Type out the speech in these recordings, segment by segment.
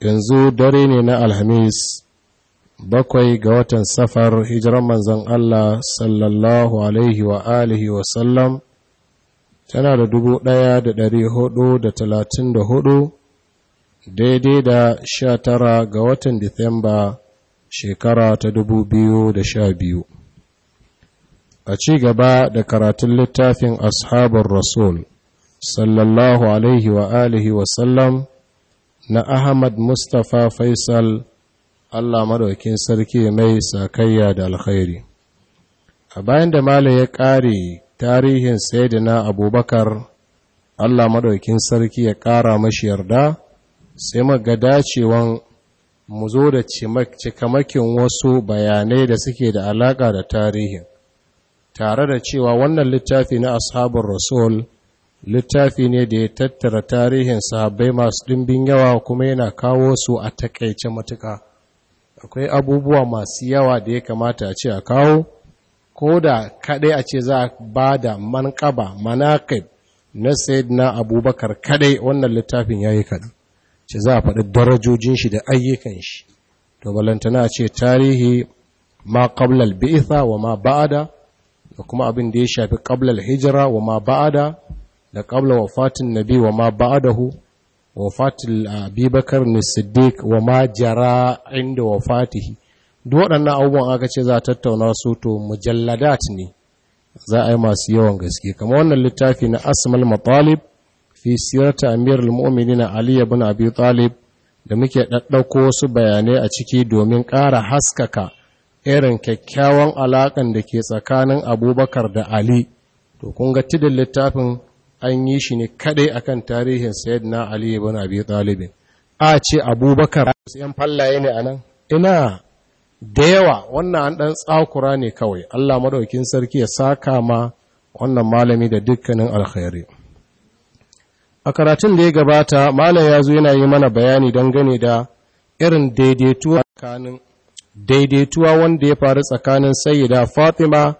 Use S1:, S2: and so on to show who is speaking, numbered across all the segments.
S1: yanzu dare ne na alhamis bakwai ga watan safar hijiran manzan Allah sallallahu alaihi wa alihi wa sallam tana da dubu ɗaya da ɗari hudu da talatin da hudu daidai da sha tara ga watan disamba shekara ta dubu biyu da sha biyu a ci gaba da karatun littafin ashabar rasul sallallahu alaihi wa alihi wa sallam na Ahmad Mustapha Faisal Allah madaukin sarki mai sakayya da alkhairi a bayan da Malam ya ƙare tarihin Sayyidina Abubakar Allah madaukin sarki ya ƙara mashi yarda sai maga dacewan mu zo da cikamakin wasu bayanai da suke da alaƙa da tarihin tare da cewa wannan littafi na ashabin rasul littafi ne da ya tattara tarihin sahabbai masu ɗimbin yawa kuma yana kawo su a takaice matuka akwai abubuwa masu yawa da ya kamata a ce a kawo ko da kaɗai a ce za a ba da manƙaba manakib na na abubakar kaɗai wannan littafin ya yi kaɗan ce za a faɗi darajojin shi da ayyukan shi to balantana ce tarihi ma qablal bi'tha wa ma ba'ada da kuma abin da ya shafi qablal hijira wa ma ba'ada da ƙabla wafatin nabi wa ma fatin wafatil abubakar ne wa ma jara inda wafatihi duk waɗannan abubuwan aka ce za a tattauna su to mujalladat ne za a yi masu yawan gaske kamar wannan littafi na asmal matalib fi sirata amirul mu'minina ali ibn abi talib da muke ɗaɗɗauko wasu bayanai a ciki domin ƙara haskaka irin kyakkyawan alaƙan da ke tsakanin abubakar da ali to kun ga tidin littafin an yi shi ne kadai akan tarihin sayyidina Aliyu ibn abi talib a ce abubakar yan fallaye ne anan ina da yawa wannan an dan tsakura ne kawai Allah maɗaukin sarki ya saka ma wannan malami da dukkanin alkhairi a karatun da ya gabata malam ya zo yana yi mana bayani dangane da irin daidaituwa tsakanin wanda ya faru tsakanin sayyida fatima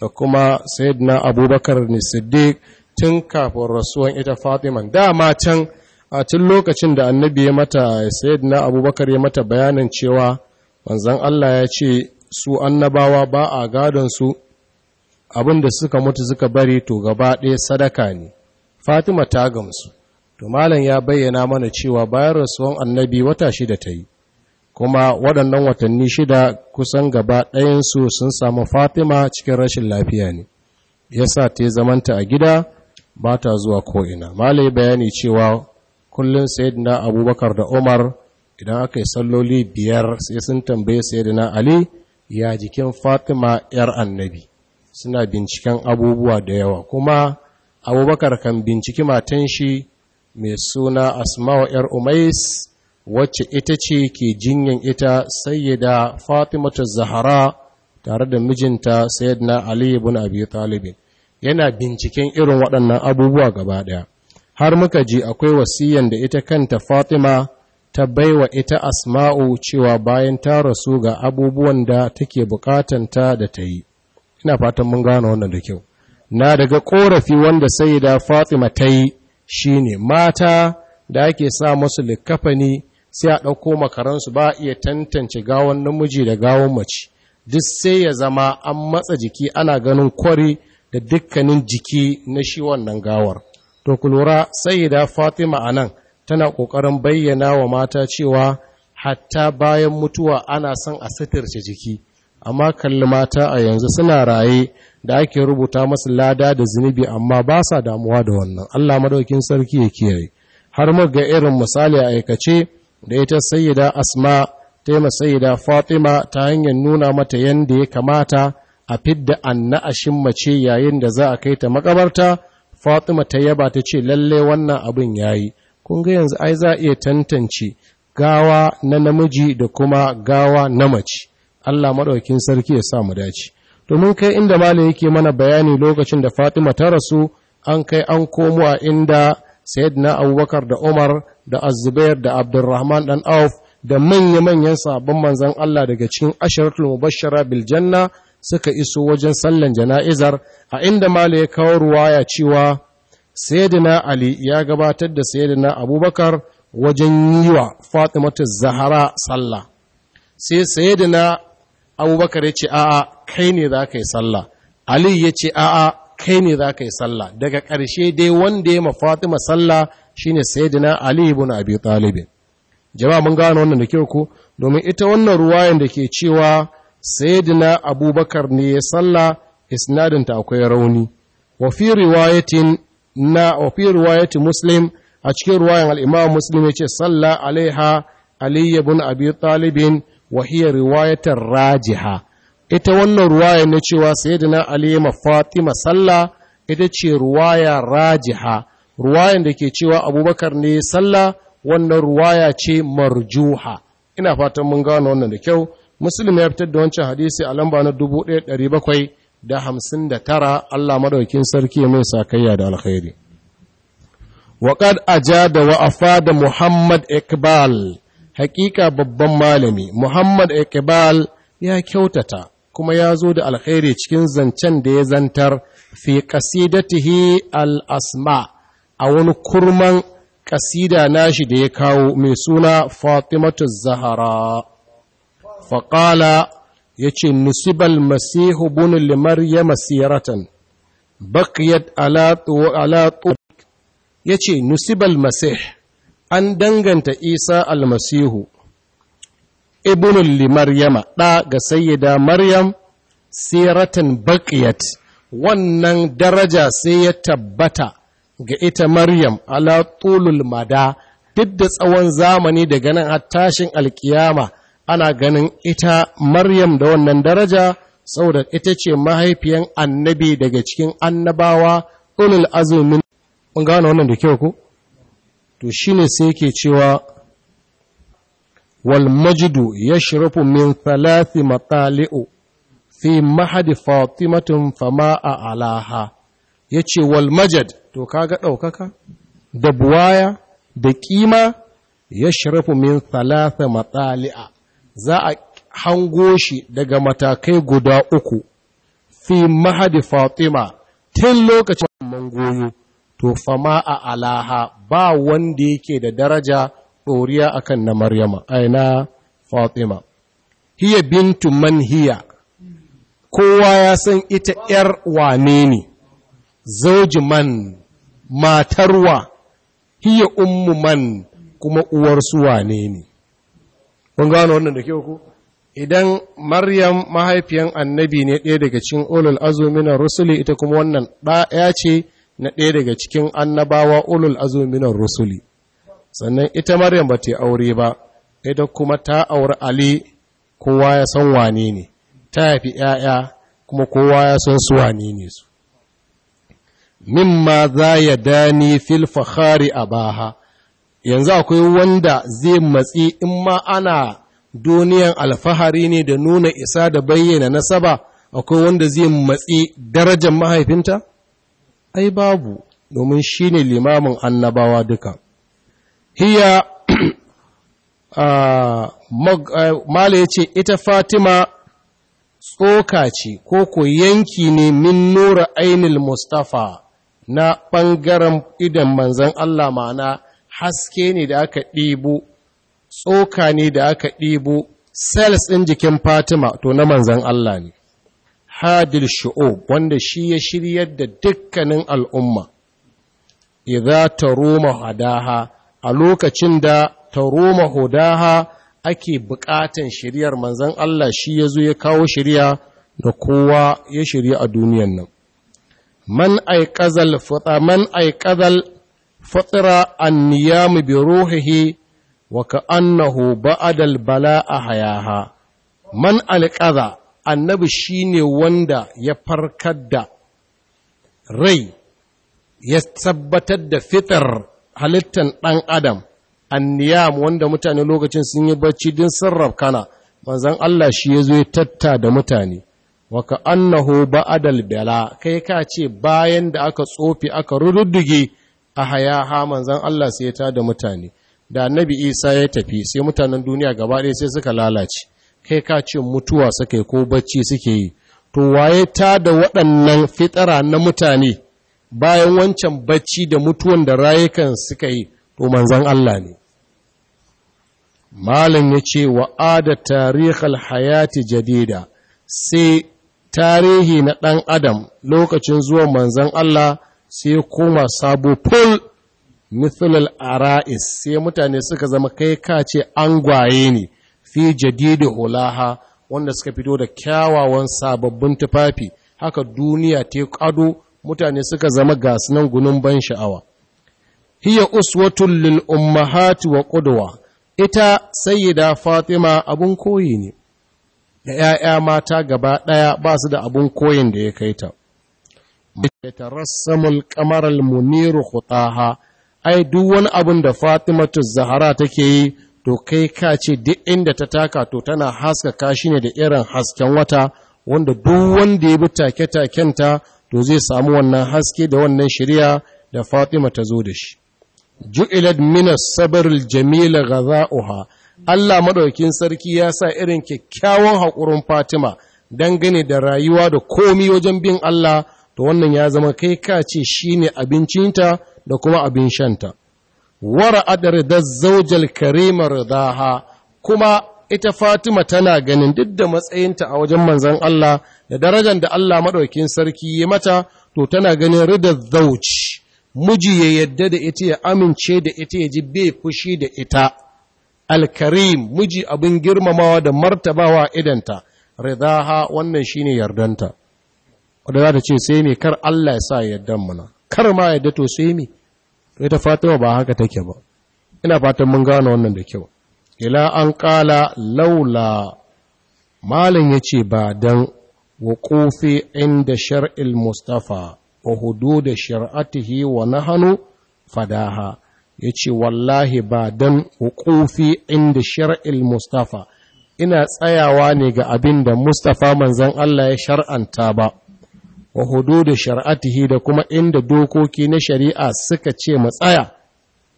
S1: da kuma sayyidina abubakar ne siddiq tun kafin rasuwan ita fatiman dama can a tun lokacin da annabi ya mata na abubakar ya mata bayanin cewa manzan Allah ya ce su annabawa ba a gadon su abinda suka mutu suka bari to gaba ɗaya sadaka ne fatima ta gamsu to malam ya bayyana mana cewa bayan rasuwan annabi wata shida ta yi kuma waɗannan watanni shida kusan gaba ɗayansu sun samu fatima cikin rashin lafiya ne ya sa ta zamanta a gida ba ta zuwa ko'ina malai bayani cewa kullum sayyidina abubakar da umar idan aka yi salloli biyar sai sun tambaye sayyidina ali ya jikin fatima yar annabi suna binciken abubuwa da yawa kuma abubakar kan binciki matan shi mai suna asma'u yar umais wacce ita ce ke jinyan ita sayyida ta zahara tare da mijinta sayyidina ali ibn abi talibin yana binciken irin waɗannan abubuwa gaba ɗaya har muka ji akwai wasiyan da ita kanta fatima ta baiwa ita asma'u cewa bayan ta rasu ga abubuwan da take bukatanta da ta yi ina fatan mun gane wannan da kyau na daga korafi wanda sai da fatima ta yi shine mata da ake sa musu likafani sai a ɗauko makaransu ba iya tantance gawon namiji da gawon mace duk sai ya zama an matsa jiki ana ganin kwari da dukkanin jiki na shi wannan gawar to ku lura da fatima a nan. tana ƙoƙarin bayyana wa mata cewa hatta bayan mutuwa ana son a sitirce jiki amma kalli mata a yanzu suna raye da ake rubuta masu lada da zunubi amma ba sa damuwa da wannan Allah madaukin sarki ya kiyaye har mu ga irin misali a aikace da ita sayyida asma ta yi fatima ta hanyar nuna mata yadda ya kamata a fidda anna'ashin mace yayin da za a kai ta makabarta fatima ta yaba ta ce lalle wannan abin yayi kun ga yanzu ai za a iya tantance gawa na namiji da kuma gawa na mace Allah maɗaukin sarki ya sa mu dace domin kai inda malam yake mana bayani lokacin da Fatima ta rasu an kai an komo a inda Sayyidina Abubakar da Umar da az da abdulrahman dan Auf da manya-manyan sabon manzon Allah daga cikin asharatul mubashshara bil janna suka iso wajen sallan jana'izar a inda mala ya kawo ya cewa sayyidina ali ya gabatar da sayyidina abubakar wajen yi wa fatimatu zahara sallah sai sayyidina abubakar ya ce a'a kai ne za ka yi sallah ali ya ce a'a kai ne za ka yi sallah daga ƙarshe dai wanda ya mafatima sallah shine sayyidina ali ibn abi Talibin. jama'a mun gano wannan da kyau ku, domin ita wannan ruwayan da ke cewa sayyidina abubakar ne ya salla isnadinta akwai rauni wa fi riwayatin na wa fi muslim a cikin ruwayan al-imam muslim yace salla alaiha ali ibn abi talibin wa hiya riwayatar rajiha ita wannan ruwaya ne cewa sayyidina ali ma fatima salla ita ce ruwaya rajiha ruwayan da ke cewa abubakar ne salla wannan ruwaya ce marjuha ina fatan mun gano wannan da kyau muslim ya fitar da wancan hadisi a lamba na 1759 Allah madaukin sarki mai sakayya da alkhairi da wa'afa da muhammad Ikbal, hakika babban malami Muhammad Ikbal ya kyautata kuma ya zo da alkhairi cikin zancen da ya zantar fi qasidatihi al-asma a wani kurman kasida nashi da ya kawo mai suna Fatimatu Zahara faƙala ya ce musibal masihu bunin limar ya masiratan bakiyat ya ce musibal masih an danganta isa almasihu ibnul li maryama ɗa ga sayyida maryam siratan baqiyat wannan daraja sai ya tabbata ga ita maryam ala tulul mada duk da tsawon zamani daga nan har tashin alkiyama ana ganin ita Maryam da wannan daraja saboda ita ce mahaifiyan annabi daga cikin annabawa ulul azumin mun gano wannan da kyau ko to shine sai yake cewa wal majdu yashrafu min thalath matali'u fi mahadi fatimatun fama a alaha ya ce walmajad to kaga ɗaukaka da buwaya da ƙima ya shirafu min thalatha matsali'a za a hango shi daga matakai guda uku fi mahadi fatima tun lokacin mangoyo to fama a alaha ba wanda yake da daraja ɗoriya akan na maryama aina fatima hiya bintu man hiya kowa ya san ita ‘yar wane ne zauji man matarwa hiya ummu man kuma uwarsu wane ne Kun gano wannan da kyau ku idan maryam mahaifiyan annabi ne ɗaya daga cikin ulul azumi rusuli ita kuma wannan ɗaya ce na ɗaya daga cikin annabawa ulul azumi rusuli sannan ita maryam ba ta aure ba ita kuma ta auri ali kowa ya san wane ne ta haifi ‘ya'ya kuma kowa ya san su wane ne su mimma za ya dani fil fahari a baha yanzu akwai wanda zai matsi in ma ana duniyan alfahari ne da nuna isa da bayyana nasaba akwai wanda zai matsi darajar mahaifinta? Ai, babu, domin shi ne limamin annabawa duka. Hiya, ah, eh, Mala ya ce, ita Fatima tsoka ce ko ko yanki ne min nura ainihin Mustapha na ɓangaren idan manzan Allah ma'ana haske ne da aka ɗibo tsoka ne da aka ɗibo sels ɗin jikin fatima to na manzan Allah ne hadil shu'ub wanda shi ya shiryar da dukkanin al'umma ta roma hadaha a lokacin da ta roma hudaha ake buƙatan shiryar manzan Allah shi ya zo ya kawo shirya da kowa ya shirya a duniyan nan man man aikazal fatira an niyamu bi ruhihi wa ka'annahu ba'adal bala'a hayaha man alƙaza annabi shine wanda ya farkar da rai ya tabbatar da fitar halittar ɗan adam anniyam wanda mutane lokacin sun yi bacci din sarraf kana manzon Allah shi ya zo ya tatta da mutane Waka annahu ba'adal bala kai ka ce bayan da aka tsofi aka rurruduge haya ha manzan Allah sai ya tada mutane da annabi Isa ya tafi sai mutanen duniya gaba ɗaya sai suka lalace kai ka ce mutuwa suka yi ko bacci suke yi to waye da waɗannan fitara na mutane bayan wancan bacci da mutuwan da rayukan suka yi to manzan Allah ne malam ya ce wa'ada tarihal hayati jadida sai tarihi na ɗan adam lokacin zuwan manzan Allah sai ya koma sabo pol mithlal ara'is sai mutane suka zama kai ka ce angwaye ne fi jadidu hulaha wanda suka fito da kyawawan sababbin tufafi haka duniya ta kado mutane suka zama gasu nan gunun ban sha'awa hiya uswatul lil Umahatu wa qudwa ita sayyida fatima abun koyi ne da 'ya'ya mata gaba ɗaya ba su da abun koyin da ya kai ta da tarassamul kamaral muniru khutaha ai duk wani abin da Fatima ta Zahara take yi to kai ka ce duk inda ta taka to tana haska shi ne da irin hasken wata wanda duk wanda ya bi take-taken ta to zai samu wannan haske da wannan shiriya, da Fatima ta zo da shi ju'ilat min as Jamila ga jamil ghaza'uha Allah maɗaukin sarki ya sa irin kyakkyawan haƙurin Fatima dangane da rayuwa da komi wajen bin Allah to wannan ya zama kai ka ce shi ne abincinta da kuma abin shanta wara adar da zaujal karimar daha kuma ita Fatima tana ganin duk da matsayinta a wajen manzan Allah da darajar da Allah maɗaukin sarki ya mata to tana ganin ridar zauci muji ya yadda da ita ya amince da ita ya ji bai fushi da ita alkarim muji abin girmamawa da martabawa idanta ridaha wannan shine yardanta wadda za ta ce sai me kar Allah ya sa yadda mana kar ma yadda to sai me to ita fatima ba haka take ba ina fatan mun gane wannan da kyau ila an kala laula malam ce ba dan wuqufi inda shar'il mustafa wa da shar'atihi wa hannu fadaha ce wallahi ba dan wuqufi inda shar'il mustafa ina tsayawa ne ga abin da mustafa manzon Allah ya shar'anta ba wa hududu shar'atihi da kuma inda dokoki na shari'a suka ce mu tsaya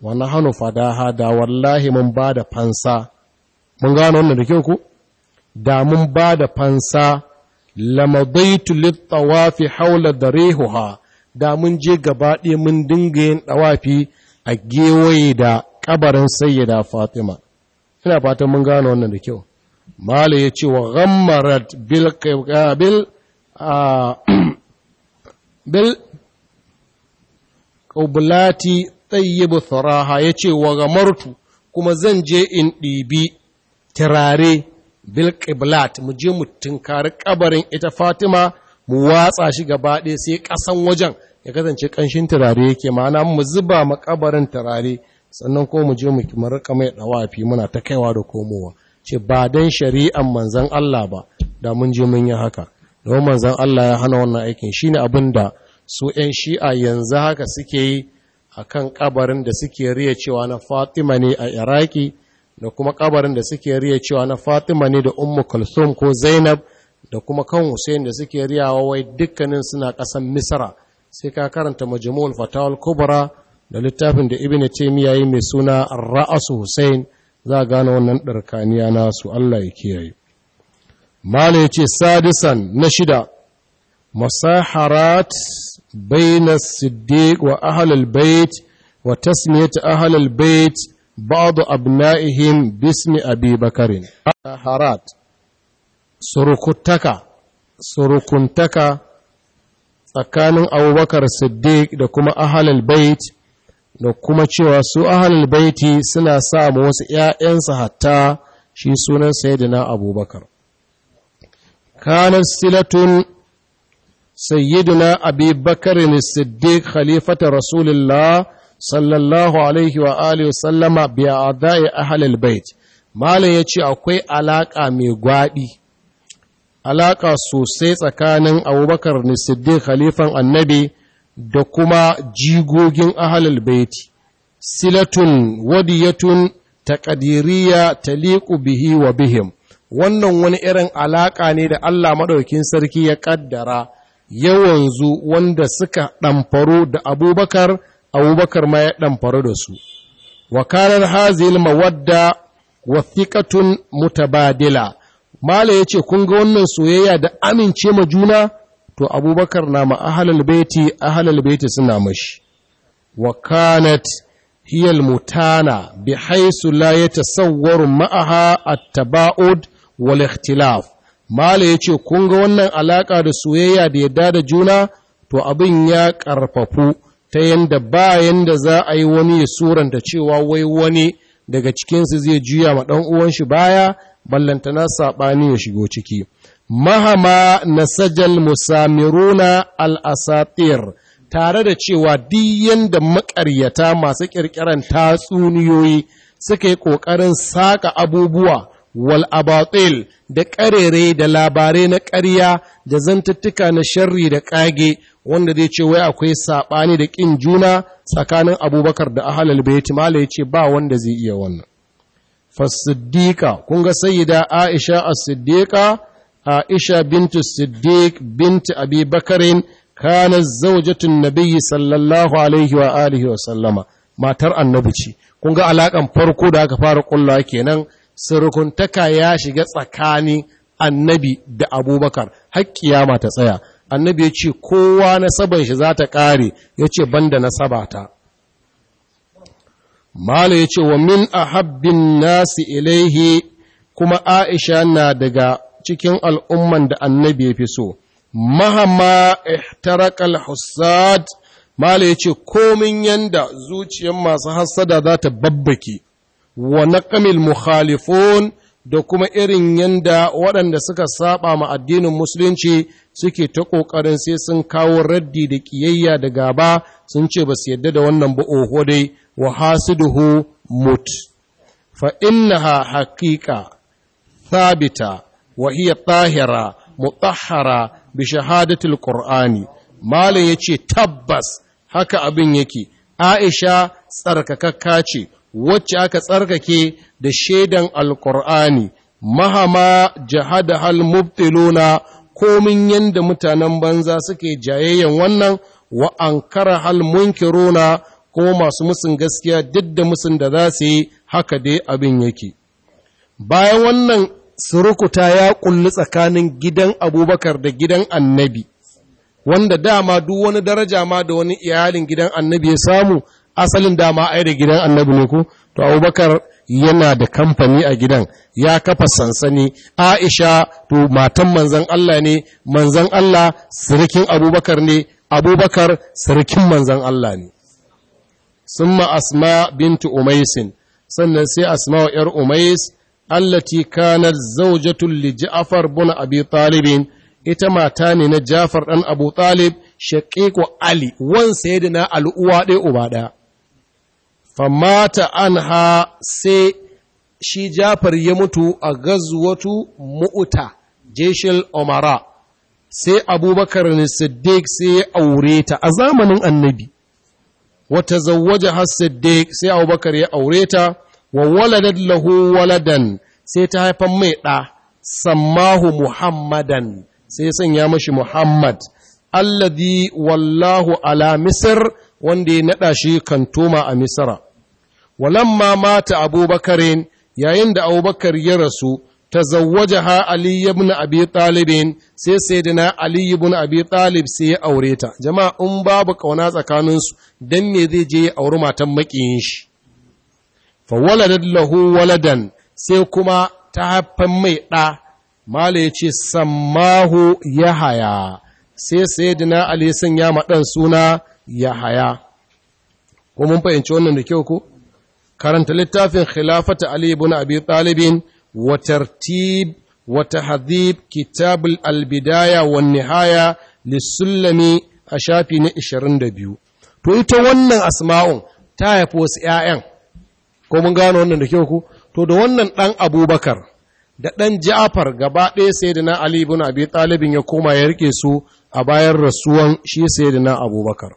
S1: wa nahnu fadaha da wallahi mun bada fansa mun gano wannan da kyau ku da mun bada fansa lamadaitu lit haula da darihuha da mun je gaba ɗaya mun dinga yin dawafi a gewaye da kabarin sayyida Fatima. Ina fatan mun gano wannan da kyau. Mala ya ce wa ghammarat bil bil ƙaubulati tsayyibu tsaraha ya ce wa gamartu kuma zan je in ɗibi tirare bil ƙiblat mu je mu tunkari ƙabarin ita fatima mu watsa shi gaba ɗaya sai ƙasan wajen ya kasance ƙanshin turare yake ma'ana mu zuba ma kabarin turare sannan ko mu je mu rika mai dawafi muna ta kaiwa da komowa ce ba dan shari'an manzon Allah ba da mun je mun yi haka don manzan Allah ya hana wannan aikin shi ne abin da su ‘yan shi'a yanzu haka suke yi a kan ƙabarin da suke riya cewa na fatima ne a iraki da kuma ƙabarin da suke riya cewa na fatima ne da ummu kulthum ko zainab da kuma kan hussein da suke riyawa wai dukkanin suna ƙasan misra sai ka karanta majmu'ul fatawul kubra da littafin da ibn taymiya yi mai suna ra'asu hussein za a gane wannan ɗarkaniya nasu Allah ya kiyaye mala ce sadisan na shida masaharat baina siddiq wa ahlul bait wa tasmiyatu ahlul bait ba'd abna'ihim bismi abi bakarin harat surukuntaka tsakanin abubakar siddiq da kuma ahalal bait da kuma cewa su ahalal baiti suna sa wasu ‘ya'yansa hatta shi sunan saidina abubakar kanar silatun sayyiduna abi bakar siddiq khalifata rasulullah sallallahu alaihi wa alihi sallama bi adai ahlul bait malam yace akwai alaƙa mai gwadi alaƙa sosai tsakanin abubakar ne siddiq khalifan annabi da kuma jigogin ahlul bait silatun wadiyatun taqdiriyya taliqu bihi wa bihim wannan wani irin alaƙa ne da Allah maɗaukin sarki ya ƙaddara yawanzu wanda suka ɗamfaro da abubakar abubakar ma ya ɗamfaro da su wakarar hazil mawadda wathiqatun mutabadila mala yace kun ga wannan soyayya da amince ma juna to abubakar na ma ahalal baiti ahalal baiti suna mashi wa kanat mutana, bi haisu la yatasawwaru ma'aha at-taba'ud walikhtilaf ikhtilaf mala yace kun ga wannan alaƙa da soyayya da yadda da juna to abin ya ƙarfafu, ta yanda ba yanda za a yi wani ya suranta cewa wai wani daga cikinsu zai juya ma ɗan uwan shi baya ballantana saɓani ya shigo ciki mahama nasajal musamiruna al-asatir tare da cewa duk yanda maƙaryata masu ƙirƙiran tatsuniyoyi suka yi ƙoƙarin saƙa abubuwa wal da ƙarere da labarai na ƙarya da zantattuka na sharri da ƙage wanda zai ce wai akwai saɓani da ƙin juna tsakanin abubakar da ahalal baiti mala ya ce ba wanda zai iya wannan fasiddiƙa kun ga sayida aisha a siddiqa aisha bintu siddiq bintu abi bakarin kana zaujatun Nabi sallallahu alaihi wa alihi wa sallama matar annabi ce kun ga alakan farko da aka fara ƙulla kenan surukuntaka ya shiga tsakani annabi da abubakar haƙƙiyama ta tsaya annabi ya ce kowa na saban shi za ta ƙare ya ce banda nasaba ta mala ya ce wa min a habbin nasi ilaihi kuma aisha na daga cikin al'umman da annabi ya fi so mahama ihtarakal hussad mala ya ce komin yanda zuciyar masu hassada za ta babbake wa naqamil mukhalifun da kuma irin yanda waɗanda suka saba ma addinin musulunci suke ta ƙoƙarin sai sun kawo raddi da ƙiyayya da gaba sun ce ba su yadda da wannan ba oho dai wa hasiduhu mut fa innaha haqiqa thabita wa hiya tahira mutahhara bi shahadatil qur'ani malam yace tabbas haka abin yake aisha tsarkakakka ce wacce aka tsarkake da shaidan alkur'ani mahama jahada hal mubtiluna komin yanda mutanen banza suke jayayyan wannan wa ankara hal munkiruna ko masu musun gaskiya duk da musun da za su yi haka dai abin yake bayan wannan surukuta ya kulli tsakanin gidan abubakar da gidan annabi wanda dama duk wani daraja ma da wani iyalin gidan annabi ya samu asalin dama ai da gidan annabi ne ko to abubakar yana da kamfani a gidan ya kafa sansani aisha to matan manzan Allah ne manzan Allah sirikin abubakar ne abubakar sirikin manzan Allah ne summa asma bintu umaisin sannan sai asma wa yar umais allati kanat zawjatul li ja'far bin abi talib ita mata ne na ja'far ɗan abu talib shaqiqu ali wan sayyidina al'uwa dai uba daya famata anha sai shi jafar ya mutu a gazuwatu mu'uta jeshil omara sai abubakar siddiq sai ya aure ta a zamanin annabi wata zawaja har siddiq sai abubakar ya aure ta wa waladad lahu waladan sai ta haifan mai ɗa sammahu muhammadan sai sanya mashi muhammad alladhi wallahu ala misir wanda ya naɗa shi kantoma a misra walamma mata abubakarin yayin da abubakar ya rasu tazawwajaha ali ibn abi talib sai sayyidina ali ibn abi talib sai ya aure ta jama'a in babu kauna tsakanin su dan me zai je ya auri matan makiyin shi fa waladat lahu waladan sai kuma ta haifan mai ɗa mala yace sammahu yahaya sai sayyidina ali sun ya madan suna yahaya ko mun fahimci wannan da kyau ko karanta littafin khilafata Ali ibn Abi Talib wa tartib wa tahdhib kitab al-bidaya wan nihaya lis sulami a shafi na 22 to ita wannan asma'un ta haifi wasu ƴaƴan ko mun gano wannan da kyau ku to da wannan dan Abubakar da dan Ja'far gaba ɗaya sayyidina Ali ibn Abi Talib ya koma ya rike su a bayan rasuwan shi sayyidina Abubakar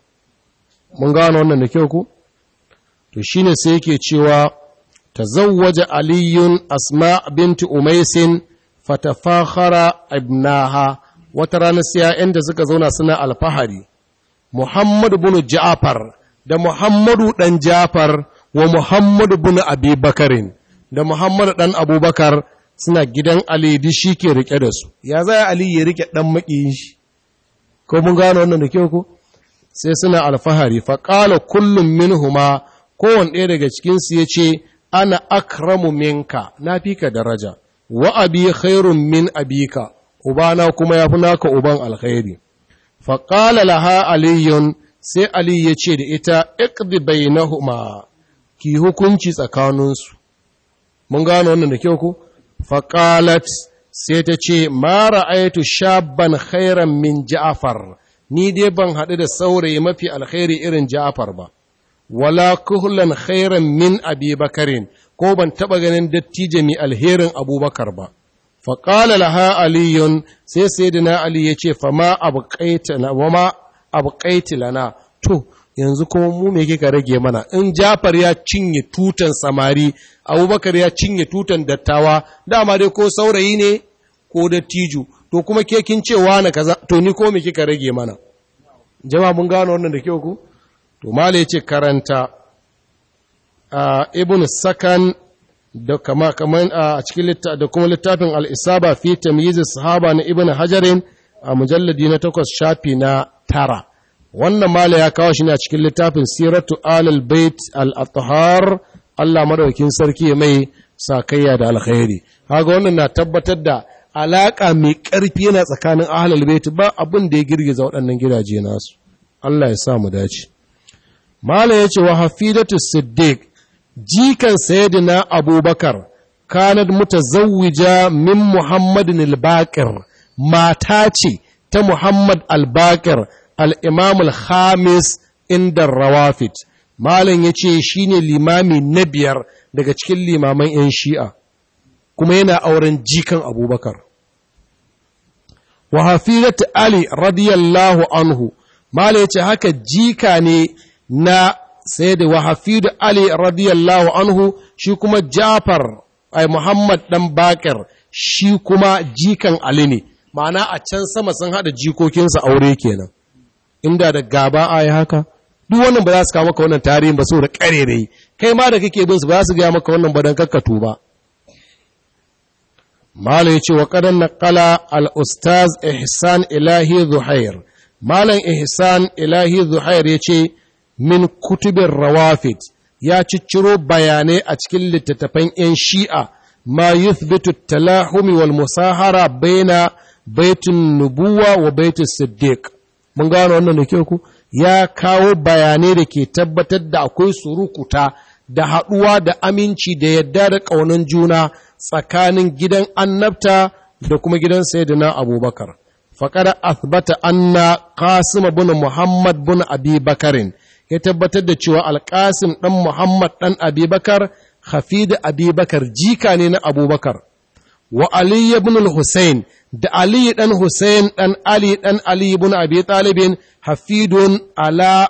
S1: mun gano wannan da kyau ku to shine sai yake cewa ta tazawwaja aliyun asma binti umaisin fatafakhara ibnaha wata rana siya inda da suka zauna suna alfahari muhammadu bin ja'far da muhammadu dan ja'far wa muhammadu bin abubakarin da muhammadu dan abubakar suna gidan ali shi ke rike da su ya za ali ya rike dan makiyin shi ko mun gano wannan da kyau ko sai suna alfahari fa kullum minhuma kowane ɗaya daga cikinsu ya ce ana akramu minka na fi ka daraja wa abi khairun min abika ubana kuma ya fi naka uban alkhairi faƙala laha aliyun sai ali ya ce da ita iqdi bainahuma ki hukunci tsakaninsu mun gano wannan da kyau ku faƙalat sai ta ce ma ra'aytu shabban khairan min ja'far ni dai ban haɗu da saurayi mafi alkhairi irin ja'far ba wala kuhlan khairan min abi bakarin ko ban taɓa ganin dattijo mai alherin abubakar ba faƙala ha aliyun sai na ali ya ce ma abƙaiti lana to yanzu kuma mu me kika rage mana in jafar ya cinye tutan samari abubakar ya cinye tutan dattawa dama dai ko saurayi ne ko dattijo to kuma ke kin ce na kaza to ni ko me kika rage mana jama'a mun gano wannan da kyau ku to mala ya ce karanta a ibn sakan da kama kaman a cikin da kuma littafin al-isaba fi tamyiz sahaba na ibn hajarin a mujalladi na takwas shafi na tara wannan mala ya kawo shi ne a cikin littafin siratu alal bait al-athhar Allah madaukin sarki mai sakayya da alkhairi kaga wannan na tabbatar da alaka mai karfi yana tsakanin ahlul bait ba abin da ya girgiza waɗannan gidaje nasu Allah ya sa mu dace Mala ya ce wa hafidatu siddiq jikan sayyidina abubakar kanad mutazawwija min muhammadin al mata ce ta muhammad al-baqir al al-khamis inda rawafit malam ya ce shi ne limami na biyar daga cikin limaman 'yan shi'a kuma yana auren jikan abubakar wa hafizatu ali radiyallahu anhu malam ya ce haka jika ne na sayyid wahafidu ali radiyallahu anhu shi kuma jafar ai muhammad dan bakir shi kuma jikan ali ne ma'ana a can sama sun hada jikokinsa aure kenan inda da gaba a haka duk wannan ba za su kawo maka wannan tarihin ba saboda ƙarere kai ma da kake bin su ba za su gaya maka wannan badan kakkatu ba malam ce wa kadan naqala al ustaz ihsan ilahi zuhair malam ihsan ilahi zuhair yace min kutubin rawafid ya cicciro bayanai a cikin littattafan 'yan shi'a ma yuthbitu talahumi wal musahara baina baitun nubuwa wa baitin siddiq mun gano wannan da ku ya kawo bayanai da ke tabbatar da akwai surukuta da haɗuwa da aminci da yadda da ƙaunan juna tsakanin gidan annabta da kuma gidan sayyidina abubakar faƙar athbata anna qasim bin muhammad bin abi bakarin ya tabbatar da cewa alƙasim ɗan Muhammad ɗan Abubakar, Hafidu Abubakar jika ne na Abubakar. Wa Ali ibn Hussein da Ali ɗan Hussein ɗan Ali ɗan Ali ibn Abi Talibin Hafidun ala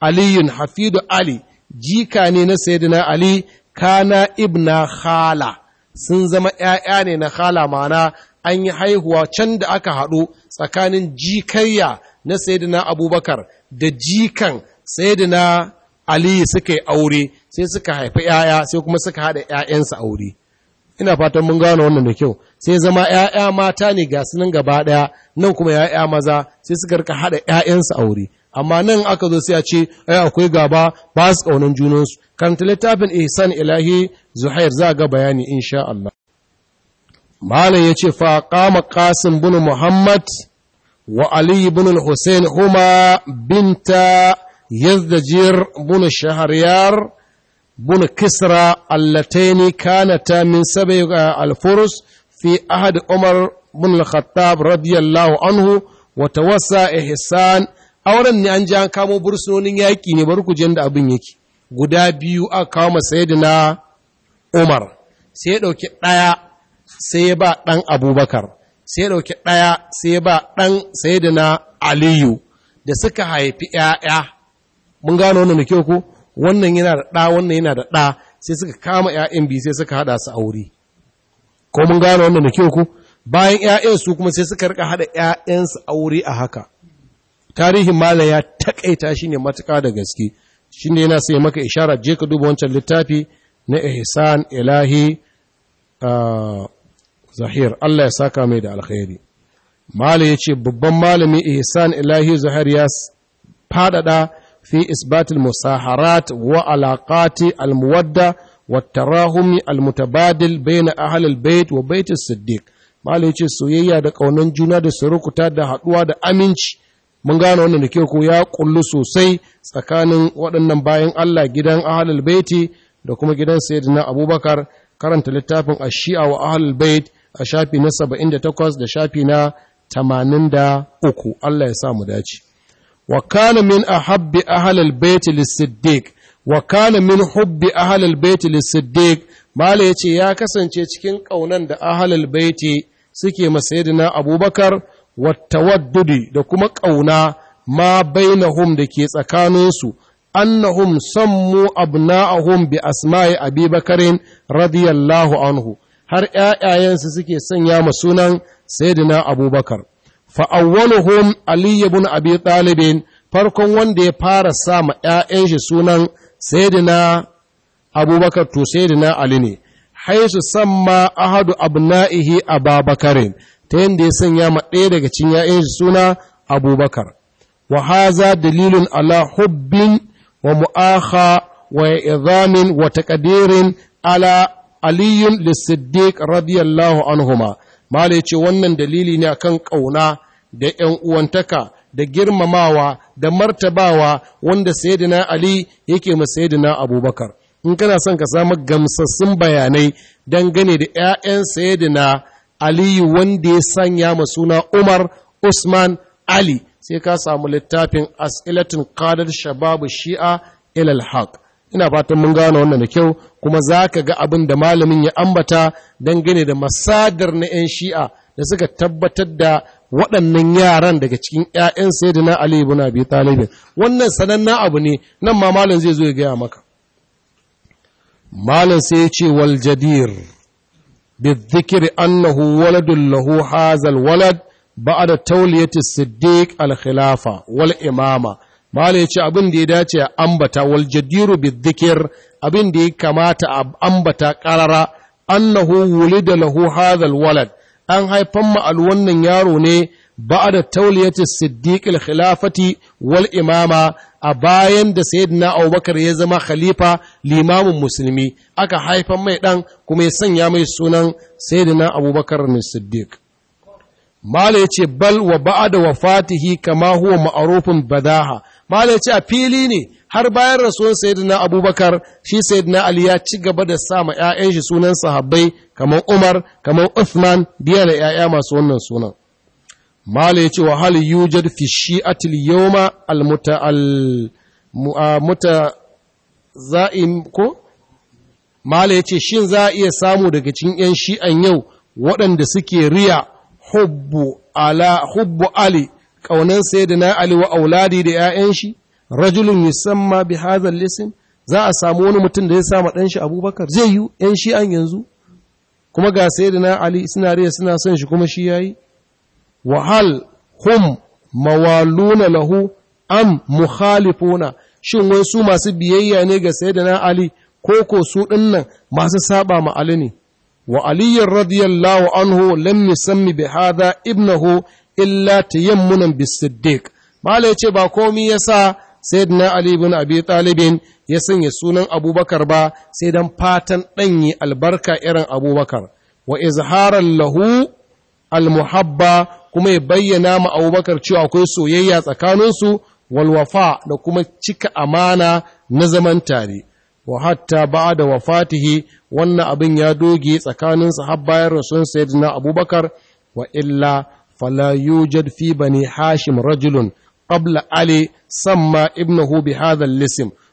S1: Aliyun Hafidu Ali jika ne na Sayyidina Ali kana ibna khala sun zama ‘ya'ya ne na khala mana an yi haihuwa can da aka haɗu tsakanin jikayya na Sayyidina Abubakar da jikan Sai na Aliyu suka yi aure sai suka haifi yaya sai kuma suka haɗa yayansa aure ina fatan mun gano wannan da kyau sai zama yaya mata ne ga sunan gaba ɗaya nan kuma yaya maza sai suka rika haɗa yayansa aure amma nan aka zo sai a ce ai akwai gaba ba su ƙaunin junansu karanta littafin ihsan ilahi zuhair za ga bayani insha Allah malam ce fa kama qasim bin muhammad wa Aliyu, bin hussain huma binta يزدجير بن شهريار بن كسرى اللتين كانتا من سبع الفرس في أحد عمر بن anhu, رضي الله عنه وتوسى إحسان auren ne an ji an kamo bursunonin yaƙi ne bari ku da abin yake guda biyu aka kawo masa na umar sai ya ɗauki ɗaya sai ba ɗan abubakar sai ya ɗauki ɗaya sai ya ba ɗan sayidina aliyu da suka haifi ‘ya'ya mun gano wannan da kyau ko wannan yana da ɗa wannan yana da ɗa sai suka kama ‘ya'yan biyu sai suka haɗa su aure ko mun gano wannan da kyau ko bayan ‘ya'yan su kuma sai suka rika haɗa ‘ya'yansu aure a haka tarihin mala ya takaita shi ne matuƙa da gaske shi ne yana sai maka ishara je ka duba wancan littafi na ihsan ilahi zahir Allah ya saka mai da alkhairi mala ya ce babban malami ihsan ilahi zahir ya faɗaɗa fi isbatul musaharat wa alaqati almuwadda wa tarahumi almutabadil baina ahlil bait wa baitis siddiq malai ce soyayya da kaunan juna da surukuta da haɗuwa da aminci mun gane wannan da kyau ko ya kullu sosai tsakanin waɗannan bayan Allah gidan ahlul baiti da kuma gidan sayyidina Abubakar karanta littafin Ash-Shi'a wa ahlul bait a shafi na 78 da shafi na 83 Allah ya sa mu dace wa min ahabbi ahli albayt lis-siddiq hubbi ahli albayt lis-siddiq mala yace ya kasance cikin kaunan da ahli albayt suke ma masayidina abubakar wa tawaddudi da kuma ƙauna ma bainahum da ke tsakaninsu annahum sammu abna'ahum bi asma'i abubakarin radiyallahu anhu har ‘ya'yayensu suke sanya ma sunan Sayyidina Abubakar. fa'awwaluhum Ali ibn Abi Talibin farkon wanda ya fara sa ma ‘ya'yan shi sunan Sayyidina Abubakar to Sayyidina Ali ne, haisu samma ahadu abna'ihi Ababakarin ta yadda ya sanya ma ɗaya daga cin ‘ya'yan shi Abubakar. Wa haza dalilin ala hubbin wa mu'aha wa izamin wa taƙadirin ala aliyun lissiddiq radiyallahu anhuma. Mala ce wannan dalili ne kan ƙauna da ‘yan uwantaka da girmamawa da martabawa wanda sayyidina Ali yake ma sayyidina Abubakar in kana son ka samu gamsassun bayanai dangane da ‘ya'yan sayyidina Aliyu wanda ya sanya ma suna Umar Usman Ali sai ka samu littafin as'ilatin qadar shababu shi'a ilal haq ina fatan mun gano wannan da kyau kuma za ka ga abin da malamin ya ambata dangane da masadar na 'yan shi'a da suka tabbatar da waɗannan yaran daga cikin ‘ya'yan Sayyidina Ali ibn Abi Talibin, wannan sanannen abu ne, nan ma malam zai zo ya gaya maka. Malam sai ya ce wal jadir, bizikir annahu waladun lahu hazal walad ba'ada tauliyati siddiq al-khilafa wal imama. Malam ya ce abin da ya dace a ambata wal jadiru bizikir abin da ya kamata a ambata ƙarara annahu wulida lahu hazal walad. an haifan ma'al wannan yaro ne ba da tauliyatis siddiqil khilafati wal imama a bayan da sayyidina abubakar ya zama khalifa limamin musulmi aka haifan mai ɗan kuma ya sanya mai sunan sayyidina abubakar ne siddiq mala ya ce bal wa ba'a da wafatihi kama huwa ma'arufin badaha malai ce a fili ne har bayan rasuwan sayyidina abubakar shi sayyidina ali ya ci gaba da sa ma 'ya'yan shi sunan sahabbai kamar umar kamar uthman biya da 'ya'ya masu wannan sunan mala ya ce wa hal yujad fi shi'atil yawma al muta za'im ko mala ya ce shin za a iya samu daga cikin 'yan shi'an yau waɗanda suke riya hubbu hubbu ali ƙaunar sayyidina Ali wa auladi da 'ya'yan shi rajulun yusamma bi hadha lisin? za a samu wani mutum da ya ma ɗan shi Abubakar zai yi yan shi an yanzu kuma ga sayyidina Ali suna riya suna son shi kuma shi yayi wa hal hum mawaluna lahu am muhalifuna. shin wai su masu biyayya ne ga sayyidina Ali ko ko su dinnan masu saba ma Ali ne wa Ali radiyallahu anhu lam yusammi bi hadha ibnahu illa ta tayammunan bisiddiq malai ce ba komi yasa sayyidina ali ibn abi talibin ya sanya sunan abubakar ba sai dan fatan danyi albarka irin abubakar wa izharan lahu almuhabba kuma ya bayyana ma abubakar cewa akwai soyayya tsakaninsu walwafa da kuma cika amana na zaman tare wa hatta ba da wafatihi wannan abin ya doge tsakaninsa har bayan rasun sayyidina abubakar wa illa Falayo yujad fi bani hashim rajulun qabla ali samma ibnahu bi hadha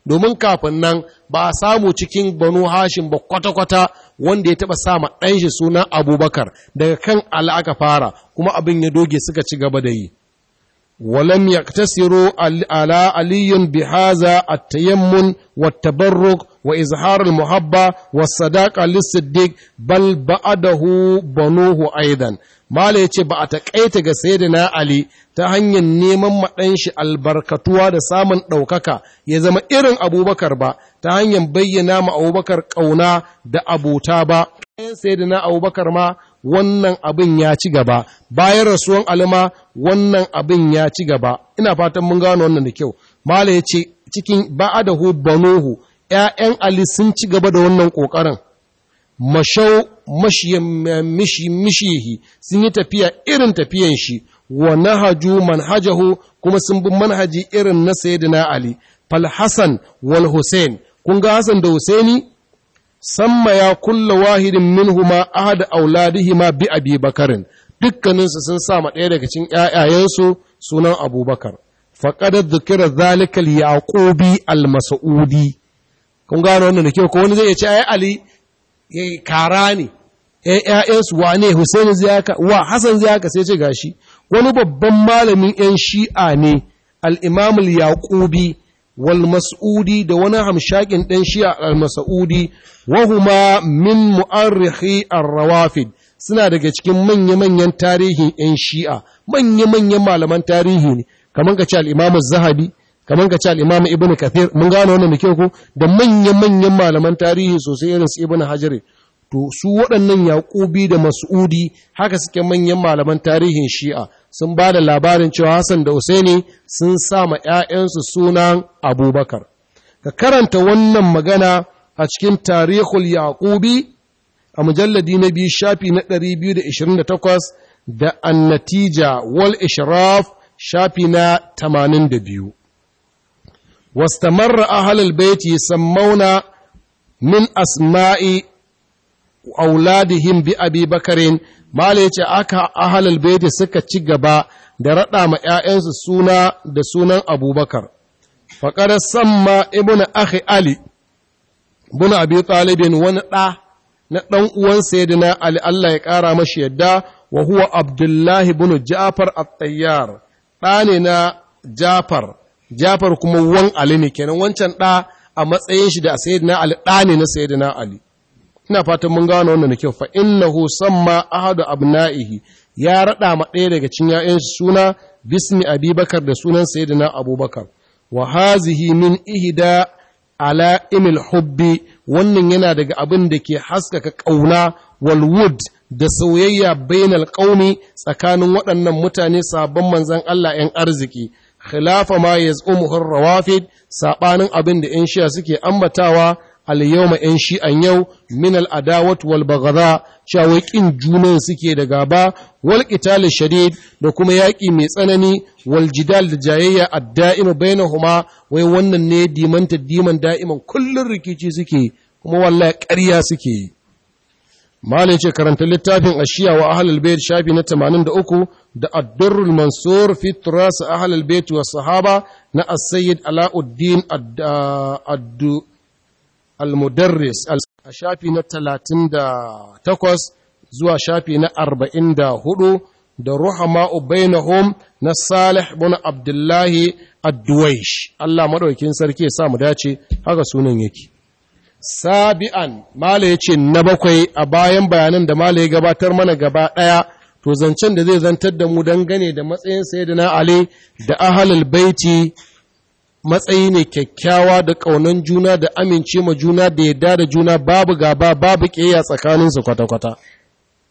S1: domin kafin nan ba a samu cikin banu hashim ba kwata-kwata wanda ya taba sama ɗan shi sunan abubakar daga kan ala aka fara kuma abin ya doge suka ci gaba da yi walam yaktasiru ala aliyun bihaza a tayammun wat-tabarruk wa izharul muhabba wa sadaqa lis-siddiq bal ba'adahu banuhu aidan mala yace ba a takaita ga na ali ta hanyar neman maɗan shi albarkatuwa da samun ɗaukaka ya zama irin abubakar ba ta hanyar bayyana ma abubakar ƙauna da abota ba na abubakar ma wannan abin ya ci gaba bayan rasuwan alima wannan abin ya ci gaba ina fatan mun gano wannan da kyau mala ce cikin ba'adahu banuhu ‘ya'yan Ali sun ci gaba da wannan ƙoƙarin, mashau mishi sun yi tafiya irin tafiyan shi, wa nahaju manhajahu kuma sun bi manhaji irin na Sayyidina Ali, fal Hassan wal Hussein, kun ga Hassan da Husaini? Samma ya kulla wahidin minhuma ahad ma bi Abi Bakarin, dukkaninsu sun sa ma ɗaya daga cin ‘ya'yayensu sunan Abubakar. Faƙadar zukirar zalikal yaƙobi al-Masa'udi. kun gano wannan da kyau ko wani zai ce ai ali ya kara ne ‘ya'yansu wa ne Hussein ziyaka wa Hassan ziyaka sai ce gashi wani babban malamin ‘yan shi'a ne al'imamul yaƙubi wal mas'udi da wani hamshakin ɗan shi'a al mas'udi wahuma min mu'arrihi ar-rawafid suna daga cikin manya-manyan tarihin ‘yan shi'a manya-manyan malaman tarihi ne kamar ka ce al'imamul zahabi kamar ka ce al Ibn Kathir mun gano wannan dake ku. da manyan manyan malaman tarihi sosai irin su Ibn hajjari to su waɗannan yaƙubi da Mas'udi haka suke manyan malaman tarihin Shi'a sun ba da labarin cewa Hassan da Usaini sun sa ma yayansu sunan Abubakar ka karanta wannan magana a cikin Tarihul yaƙubi a mujalladi na biyu shafi na 228 da annatija wal ishraf shafi na 82 واستمر أهل البيت يسمون من أسماء أولادهم بأبي بكر ما ليش أكا أهل البيت سكة تشجبا درتا ما يأنس سونا دسونا أبو بكر فقد سمى ابن أخي علي بن أبي طالب ونطا نطن uwan sayyidina Ali Allah ya ƙara mashi yadda wa huwa Abdullahi bin Ja'far at-Tayyar ɗane na Ja'far jafar kuma wan ali ne kenan wancan da a matsayin shi da sayyidina ali da ne na sayyidina ali ina fatan mun gano wannan da kyau fa innahu samma ahadu abna'ihi ya rada ma ɗaya daga cikin ƴaƴan suna bismi abubakar da sunan sayyidina abubakar wa hazihi min ihda ala imil hubbi wannan yana daga abin da ke haskaka kauna wal da soyayya bainal qaumi tsakanin waɗannan mutane sabon manzon Allah ƴan arziki khilafa ma yaz'umuhu rawafid sabanin abin da yan shi'a suke ambatawa al-yawma yan shi'an yau min al-adawat wal baghadha cewa kin junan suke da gaba wal qital shadid da kuma yaki mai tsanani wal jidal da jayayya ad-da'im bainahuma wai wannan ne dimanta diman da'iman kullun rikici suke kuma wallahi ƙarya suke yi malai ce karanta littafin ashiya wa ahlul bayt shafi na 83 da ad-durrul mansur fi turas ahlul bayt wa sahaba na as-sayyid alauddin ah, addu al-mudarris a shafi na 38 zuwa shafi na 44 da ruhama'u ubainahum na salih bin abdullahi ad-duwaish Allah madaukin sarki ya sa mu dace haka sunan yake sabi'an mala ya ce na bakwai a bayan bayanan da mala ya gabatar mana gaba ɗaya to zancen da zai zantar da mu dangane da matsayin na ali da ahalul baiti matsayi ne kyakkyawa da ƙaunan juna da amince ma juna da yadda da juna babu gaba babu ƙeya tsakaninsu kwata-kwata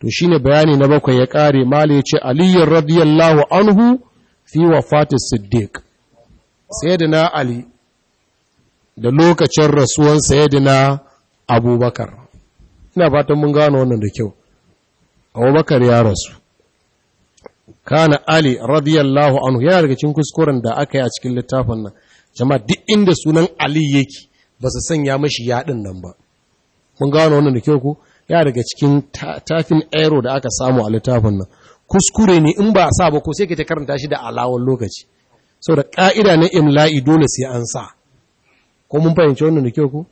S1: to shine bayani na bakwai ya ƙare mala ya ce aliyyar radiyallahu anhu fi wafati siddiq na ali da lokacin rasuwan sayidina abubakar ina fatan mun gano wannan da kyau abubakar ya rasu kana ali radiyallahu anhu yana daga cikin kuskuren da aka yi a cikin littafin nan jama'a duk inda sunan ali yake ba su sanya mashi yaɗin nan ba mun gano wannan da kyau ko ya daga cikin tafin aero da aka samu a littafin nan kuskure ne in ba sa ba ko sai ka karanta shi da alawon lokaci saboda ka'ida na imla'i dole sai an sa ko mun fahimci wannan da kyau ko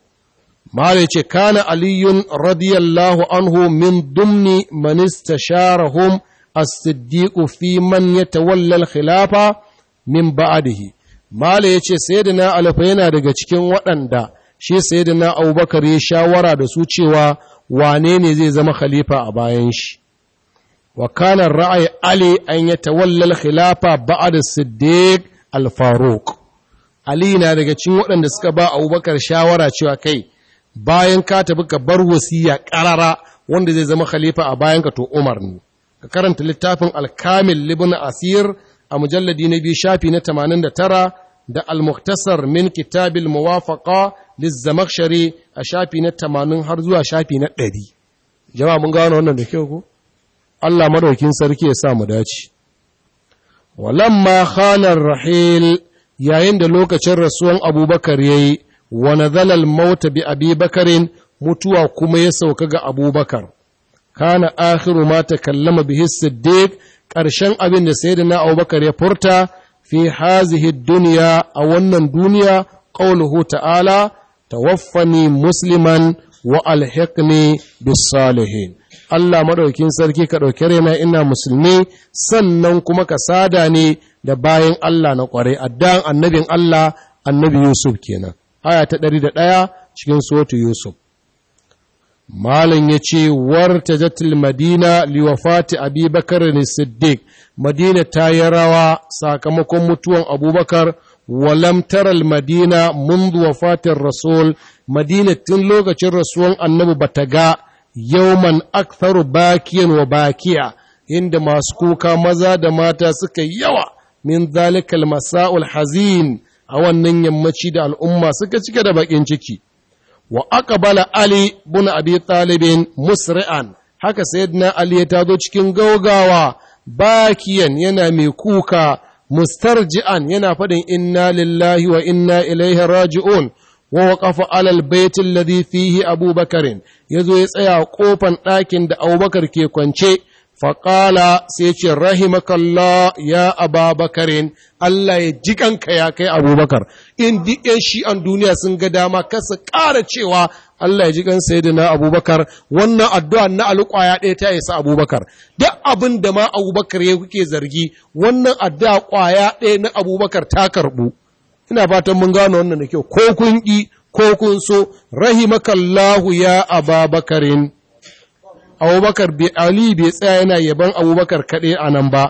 S1: mala yace kana aliyun radiyallahu anhu min dumni man istasharahum as-siddiq fi man yatawalla al-khilafa min ba'dihi mala yace sayyidina alfa yana daga cikin waɗanda shi sayyidina abubakar ya shawara da su cewa wane ne zai zama khalifa a bayan shi wa kana ra'ayi ali an yatawalla al-khilafa ba'da siddiq al-faruq Ali na daga cikin waɗanda suka ba Abubakar shawara cewa kai bayan ka tafi ka bar wasiya ƙarara wanda zai zama khalifa a bayan ka to Umar ne ka karanta littafin Al-Kamil libn Asir a mujalladi na biyu shafi na 89 da Al-Mukhtasar min Kitabil Muwafaqa liz-Zamakhshari a shafi na 80 har zuwa shafi na 100 jama'a mun gano wannan da kyau ko Allah madaukin sarki ya sa mu dace walamma khalar rahil yayin da lokacin rasuwan abubakar ya yi wa nazalal mauta bi abubakarin mutuwa kuma ya sauka ga abubakar kana akhiru ma ta kallama bihi siddiq ƙarshen abin da na abubakar ya furta fi hazihi duniya a wannan duniya qauluhu ta'ala tawaffani musliman wa alhiqni bis salihin Allah madaukin sarki ka ɗauki raina ina musulmi sannan kuma ka sada ne da bayan Allah na a addan annabin Allah annabi Yusuf kenan aya ta ɗari da ɗaya cikin sotu Yusuf Malam ya ce, Warta jatil Madina liwafati Bakar ne Siddiq, Madina ta yi rawa sakamakon mutuwan Abubakar, walam taral Madina mundu wafatin Rasul, Madina tun lokacin rasuwan annabi ta ga yauman aktharu bakiyan wa bakiya, inda masu kuka maza da mata suka yawa min zalikal masa'ul hazin a wannan yammaci da al'umma suka cike da bakin ciki wa aka aqbala ali bin abi talibin musri'an haka sayyidina ali ya tazo cikin gaugawa bakiyan yana mai kuka mustarji'an yana faɗin inna lillahi wa inna ilaihi raji'un wa waqafa alal bait alladhi fihi abubakarin zo ya tsaya kofan ɗakin da abubakar ke kwance faƙala sai ce rahimakalla ya ababakarin Allah ya jikanka ya kai abubakar in duk yan shi'an duniya sun ga dama kasa ƙara cewa Allah ya ya sayyidina abubakar wannan addu'a na alƙwaya ɗaya ta isa abubakar duk abin da ma abubakar ya kuke zargi wannan addu'a ƙwaya ɗaya na abubakar ta karɓu ina fatan mun gano wannan da kyau ko kun ƙi ko kun so rahimakallahu ya ababakarin abubakar bai ali bai tsaya yana yaban abubakar kaɗai a nan ba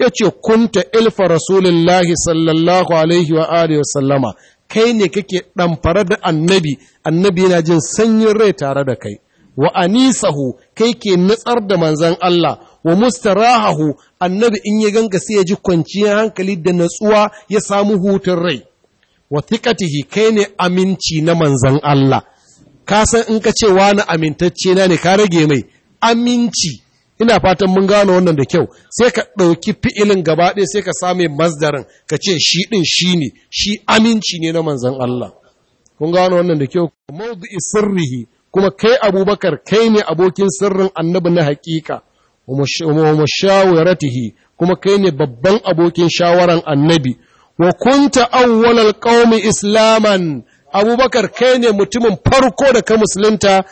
S1: ya ce kunta ilfa rasulullahi sallallahu alaihi wa alihi sallama kai ne kake ɗamfara da annabi annabi yana jin sanyin rai tare da kai wa anisahu kai ke nutsar da manzan Allah wa mustarahahu annabi in ya ganka sai ya ji kwanciyar hankali da natsuwa ya samu hutun rai wa thiqatihi kai ne aminci na manzan Allah ka san in ka ce wani amintacce na ne ka rage mai aminci ina fatan mun gano wannan da kyau sai ka ɗauki fi'ilin gaba sai ka same masdarin ka ce shi ɗin shi ne shi aminci ne na manzan Allah kun gano wannan da kyau mawdu'i sirrihi kuma kai abubakar kai ne abokin sirrin annabi na haƙiƙa wa mashawaratihi kuma kai ne babban abokin shawaran annabi wa kunta awwalal qaumi islaman abubakar kai ne mutumin farko da ka musulunta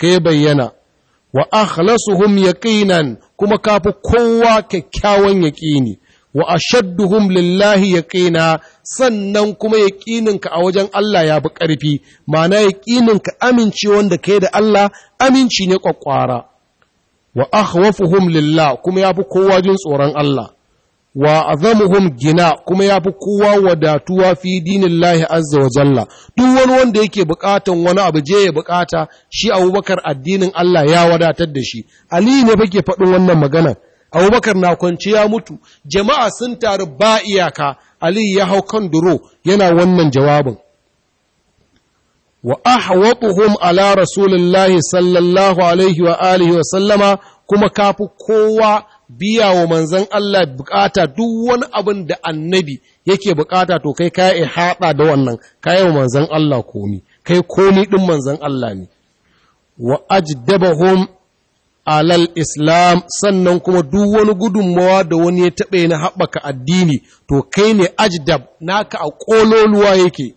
S1: ka ya bayyana wa akhlasuhum yaqinan kuma kafi kowa kyakkyawan yaqini wa ashadduhum lillahi yaqina sannan kuma yaqininka a wajen Allah ya bi ƙarfi ma'ana yaqininka amince wanda kai da Allah aminci ne kwakwara wa akhwafuhum lillah kuma ya fi kowa jin tsoron Allah wa azamuhum gina kuma yafi kowa wadatuwa fi dinillahi azza wa jalla duk wani wanda yake bukatan wani abu je ya bukata shi Abubakar addinin Allah ya wadatar da shi Ali ne fake faɗin wannan magana Abubakar na kwance ya mutu jama'a sun taru ba iyaka Ali ya hau kan duro yana wannan jawabin wa ahwatuhum ala rasulillahi sallallahu alaihi wa alihi wa sallama kuma kafi kowa biya wa manzan Allah bukata duk wani abin da annabi yake bukata to kai kaya haɗa da wannan kaya wa manzan Allah komi kai komi din manzan Allah ne wa ajdabahum alal islam sannan kuma duk wani gudunmawa da wani ya taɓa na haɓaka addini to kai ne ajdab naka a ƙololuwa yake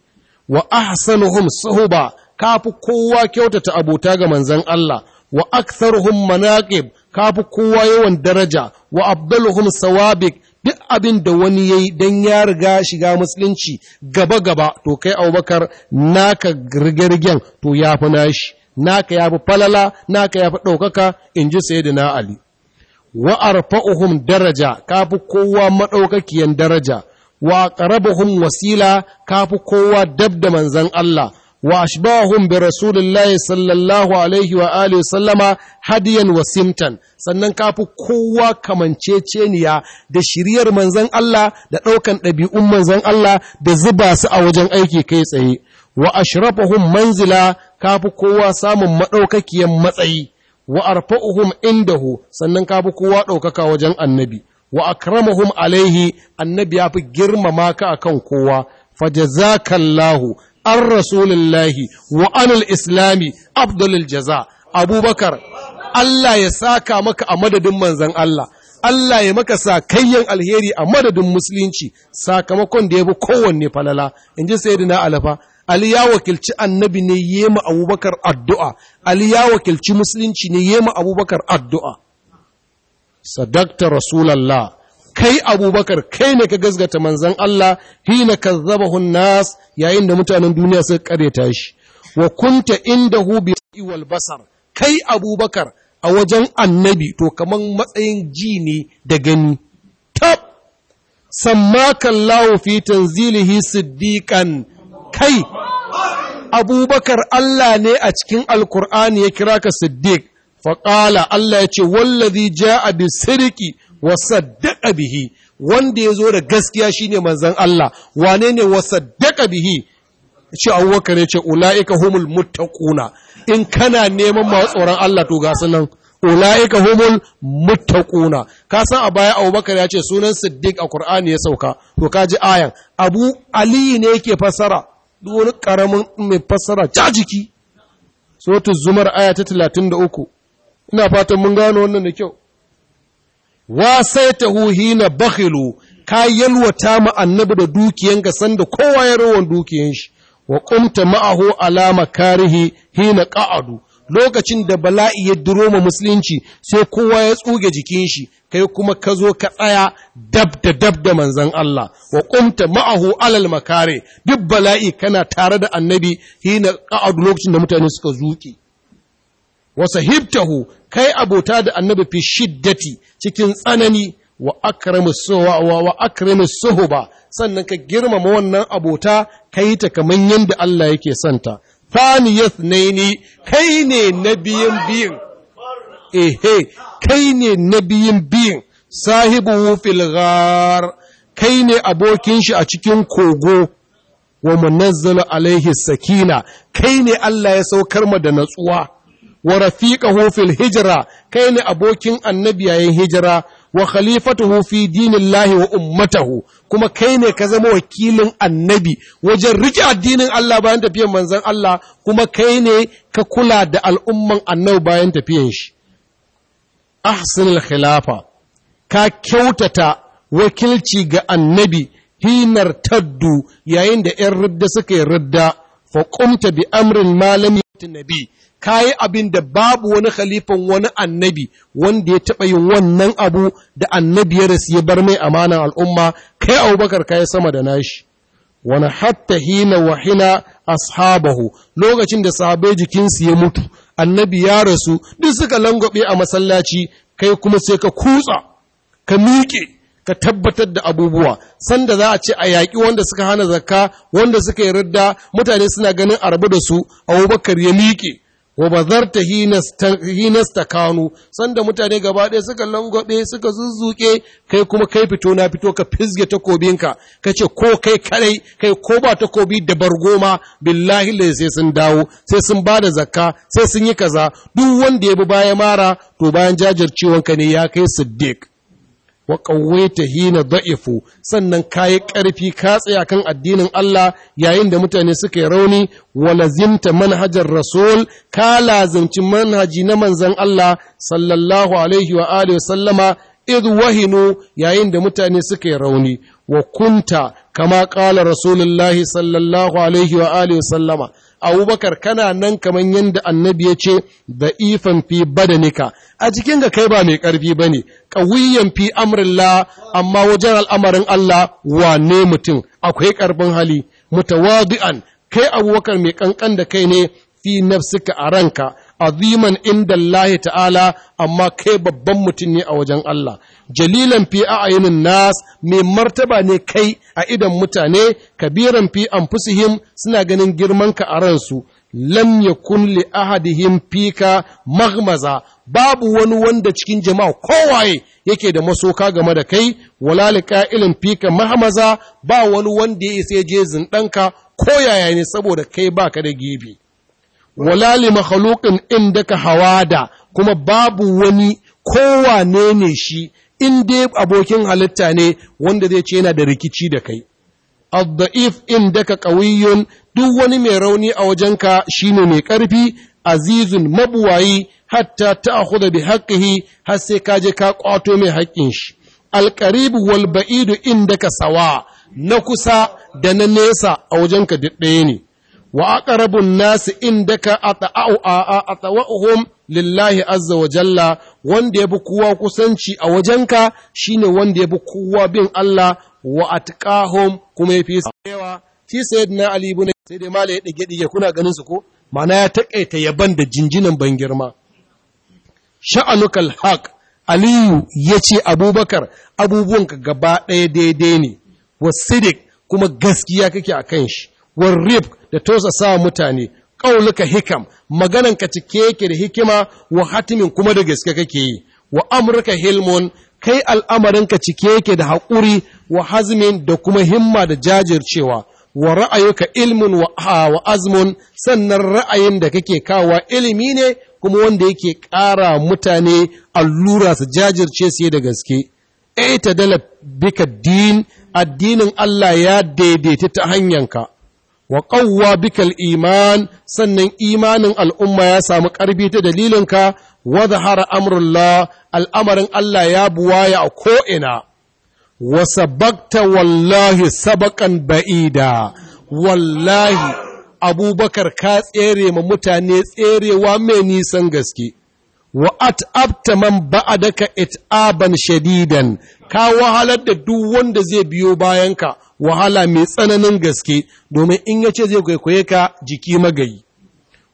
S1: wa ahsanuhum sahuba kafi kowa kyautata abota ga manzan Allah wa aktharuhum manaqib ka fi kowa yawan daraja wa abdulhum sawabik duk abin da wani ya yi don ya riga shiga musulunci gaba-gaba to kai abubakar naka girgirgen, to ya fi nashi naka ya fi falala naka ya fi ɗaukaka in ji sai na ali wa arfa'uhum daraja ka fi kowa maɗaukakiyan daraja wa ƙarabuhun wasila ka fi kowa dab da manzon Allah wa ashbahum bi rasulillahi sallallahu alaihi hadiyan wa simtan sannan kafi kowa kamanceceniya da shiriyar manzon Allah da ɗaukan ɗabi'un manzon Allah da zuba su a wajen aiki kai tsaye wa ashrafahum manzila kafi kowa samun maɗaukakiyan matsayi wa arfa'uhum indahu sannan kafi kowa ɗaukaka wajen annabi wa akramahum alaihi annabi ya fi girmama ka akan kowa fajazakallahu an rasulullahi wa anil islami abdulil jaza abubakar Allah ya saka maka a madadin manzan Allah Allah ya maka sa kayyan alheri a madadin musulunci sakamakon da ya bi kowanne falala in ji sayyidina alafa Ali ya wakilci annabi ne yema abubakar addu'a Ali ya wakilci musulunci ne yema abubakar addu'a sadakta rasulallah kai abubakar kai ne ka gasgata manzan Allah hi hina kazzabahu nas yayin da mutanen duniya suka ta shi wa kunta hu bi iwal basar kai abubakar a wajen annabi to kaman matsayin ji ne da gani tab samma kallahu fi tanzilihi siddiqan kai abubakar Allah ne a cikin alkur'ani ya kira ka siddiq faƙala Allah ya ce wallazi ja'a bi wa bihi wanda ya zo da gaskiya shine manzan Allah wane ne wa bihi ce abubakar ya ce ula'ika humul muttaquna in kana neman ma tsoron Allah to ga sunan ula'ika humul muttaquna ka san a baya abubakar ya ce sunan siddiq a qur'ani ya sauka to ka ji ayan abu ali ne yake fassara duk wani karamin mai fassara jajiki suratul zumar aya ta 33 ina fatan mun gano wannan da kyau huhi hina bakhilu ka yalwata ma annabi da dukiyan ga sanda kowa ya rowan dukiyan shi wa qumta ma'ahu alama karihi hina qa'adu lokacin da bala'i ya duro ma musulunci sai kowa ya tsuge jikin shi kai kuma ka zo ka tsaya dab da dab da manzon Allah wa qumta ma'ahu alal makare duk bala'i kana tare da annabi hina qa'adu lokacin da mutane suka zuki wa sahibtahu kai abota da annabi fi shiddati cikin tsanani wa akramu wa wa akramu suhuba sannan ka girmama wannan abota kai ta kaman yanda Allah yake santa fani naini kai ne nabiyin biyin ehe kai ne nabiyin biyin sahibu fil ghar kai ne abokin shi a cikin kogo wa munazzala alaihi sakina kai ne Allah ya saukar ma da natsuwa wa rafiqahu fil hijra kai ne abokin annabi yayin hijira wa khalifatuhu fi dinillahi wa ummatahu kuma kai ne ka zama wakilin annabi wajen rike addinin Allah bayan tafiyan manzon Allah kuma kai ne ka kula da al'umman annabi bayan tafiyan shi ahsanul khilafa ka kyautata wakilci ga annabi hinar taddu yayin da ‘yan ridda suka yi ridda, faƙumta bi amrin malami nabi, ka yi abin da babu wani khalifan wani annabi wanda ya taɓa yin wannan abu da annabi ya rasu ya bar mai amanan al'umma kai abubakar ka yi sama da nashi wani hatta hina wahina hina ashabahu lokacin da sahabai jikinsu ya mutu annabi ya rasu duk suka langwabe a masallaci kai kuma sai ka kutsa ka miƙe ka tabbatar da abubuwa sanda za a ce a yaƙi wanda suka hana zakka wanda suka yi ridda mutane suna ganin a da su abubakar ya miƙe wa bazarta hinasta kanu sanda mutane gaba ɗaya suka langwaɓe suka zuzzuke kai kuma kai fito na fito ka fizge takobinka ka ce ko kai kadai kai ko ba takobi da bargoma billahi lai sai sun dawo sai sun ba da zakka sai sun yi kaza duk wanda ya bi baya mara to bayan jajircewanka ne ya kai siddiq wa ƙawaita hina da'ifu sannan ka yi ƙarfi ka tsaya kan addinin Allah yayin da mutane suka yi rauni wa lazimta manhajar rasul ka lazimci manhaji na manzan Allah sallallahu alaihi wa alihi wa sallama idh wahinu yayin da mutane suka yi rauni wa kunta kama ƙala rasulullahi sallallahu alaihi wa alihi sallama abubakar kana nan kamar yadda annabi ya ce da ifan fi nika. a cikin ga kai ba mai ƙarfi ba ne ƙawiyan fi amrillah amma wajen al'amarin Allah wane mutum akwai ƙarfin hali Mutawazi'an, kai abubakar mai ƙanƙan da kai ne fi nafsika a ranka aziman inda Allah ta'ala amma kai babban mutum ne a wajen Allah jalilan fi ayinin nas mai martaba ne kai a idan mutane kabiran fi fusihim suna ganin girmanka a ransu lam kun li ahadihim fika maghmaza babu wani wanda cikin jama'a kowaye yake da masoka game da kai wala liqa'ilin fika mahmaza ba wani wanda ya isa je zindanka ko yaya ne saboda kai baka da gibi wala li makhluqin indaka hawada kuma babu wani ne ne shi in dai abokin halitta ne wanda zai ce yana da rikici da kai adda'if in daka ƙawiyyun duk wani mai rauni a wajenka shi ne mai ƙarfi azizun mabuwayi hatta ta ta'khudha bi haƙƙihi har sai ka je ka ƙwato mai haƙƙin shi al ƙaribu walba'idu in daka sawa na kusa da na nesa a wajenka duk ɗaya ne wa aqrabun a indaka ata'u a lillahi azza wa jalla wanda ya bi kuwa kusanci a wajenka shine wanda ya bi kuwa bin Allah wa atqahum kuma ya fi yawa fi sayyidina ali ibn sai dai mala ya dige dige kuna ganin su ko mana ya takaita yaban da jinjinan ban girma sha'anukal haq aliyu yace abubakar abubuwanka gaba ɗaya daidai ne sidik kuma gaskiya kake kan shi Rib da tosa sa mutane qauluka hikam magananka cike yake da hikima wa hatimin kuma da gaske kake yi wa amurka hilmun kai al'amarinka cike yake da haƙuri wa hazmin da kuma himma da jajircewa wa ra'ayuka ilmun wa, wa sannan ra'ayin da kake kawa ilimi ne kuma wanda yake ƙara mutane allura su jajirce su yi da gaske ita dala bika addinin Allah ya daidaita ta hanyanka wa qawwa bikal iman sannan imanin al'umma ya samu ƙarfi ta dalilinka wa zahara amrullah al'amarin Allah ya buwaya a ko'ina wa sabakta wallahi sabakan ba'ida wallahi abubakar ka tsere ma mutane tserewa mai nisan gaske wa at'abta man ba'adaka it'aban shadidan ka wahalar da duk wanda zai biyo bayanka wahala mai tsananin gaske domin in ya ce zai kwaikwaye ka jiki magayi